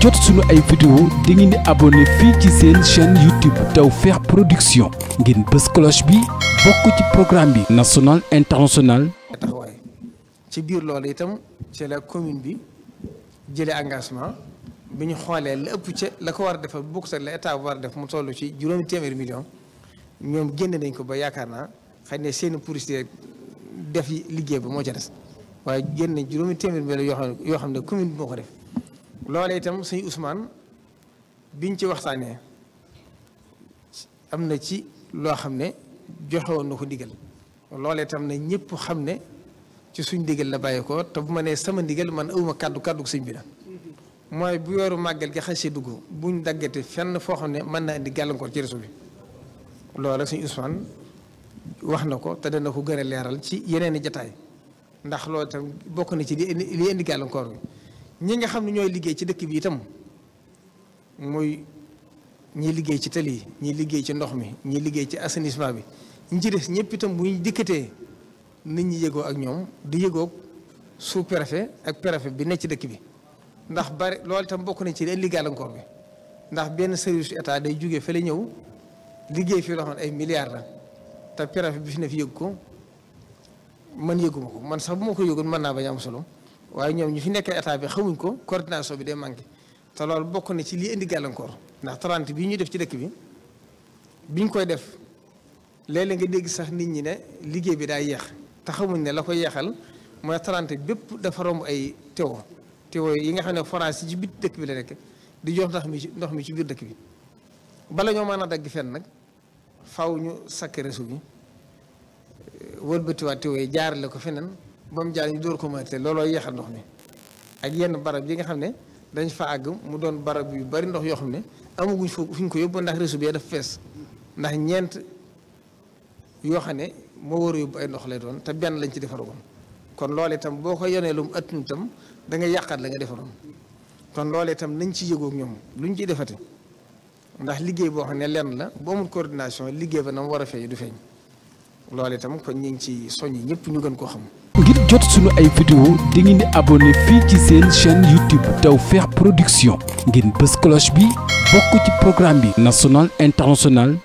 jot suñu ay vidéo da ngeen di abonné fii ci seen chaîne YouTube feex Production ngeen bës cloche bi bokk ci programme bi national international taxawaay ci biir loolu itam ci la commune bi jëlee engagement bi ñu xoolee la ëpp ca la ko war a def bokk sa la état war a def mu toll ci juróomi téeméeri million ñoom génn nañ ko ba yaakaar naa xëy ne seen pourcité def liggéey bi moo ca des waaye génn juróomi téeméeri million yoo xam ne yoo xam ne commune bi moo ko def loole itam suñu Ousmane biñ ci waxtaanee am na ci loo xam ne joxewoon na ko ndigal loole itam na ñëpp xam ne ci suñ ndigal la bàyyi ko te bu ma nee sama ndigal man awma kàddu kàddu sëñ bi la mooy bu yoru màggal gi xasee dugg buñ daggate fenn foo xam ne mën na indi gàllankoor ci réseau bi loola sëñ Ousmane wax na ko te dana ko gën a leeral ci yeneen i jataay ndax loolu itam bokk na ci li indi li indi gàllankoor bi ñi nga xam ne ñooy liggéey ci dëkk bi itam muy ñi liggéey ci tali yi ñi liggéey ci ndox mi ñi liggéey ci assainissement bi ñi ci des ñëpp itam bu ñu dikkatee nit ñi yëgoo ak ñoom di yëgoo su préfet ak préfet bi nekk ci dëkk bi ndax bari loolu itam bokk nañ ci li indi gàllankoor bi ndax benn service état day jógee fa la ñëw liggéey fii loo ay milliards la te préfet bi fi ne fi yëg ko man yëguma ko man sax bu ma ko yëgoon mën naa bañ am solo. waaye ñoom ñu fi nekkee état bi xamuñ ko coordination bi day manqué te loolu bokk na ci lii indi gàllankoor ndax trante bii ñu def ci dëkk bi biñ koy def léeg nga dégg sax nit ñi ne liggéey bi daa yéex te xamuñ ne la ko yeexal mooy 30 bépp dafa romb ay tewo tewo yi nga xam ne forage yi ci biir dëkk bi la nekk di jox ndox mi ci ndox mi ci biir dëkk bi bala ñoo mën a dagg fen nag faw ñu sakk réseau bi wëlbatiwaat tewo yi jaarale ko feneen. ba mu jaar ñu dóor ko mënatee looloo yéexal ndox mi ak yenn barab yi nga xam ne dañ fa àgg mu doon barab yu bari ndox yoo xam ne amaguñ fu ñu ko yóbbu ndax réseau bi dafa fees ndax ñeent yoo xam ne moo war a yóbbu ay ndox lay doon te benn lañ ci defaroon kon loolu itam boo ko yonee lu mu da nga yàqaat la nga defaroon kon loolu itam nañ ci yëgoog ñoom lu ñu ciy defate ndax liggéey boo xam ne lenn la bu amul coordination liggéey ba na mu war a feeñ du feeñ. loolu itam kon ñu ngi ci soññ ñëpp ñu gën koo xam. ngir jot sunu ay vidéo di ngeen di abonné fii ci seen chaîne YouTube Tawfekh Production ngir bës cloche bi bokk ci programme bi national international.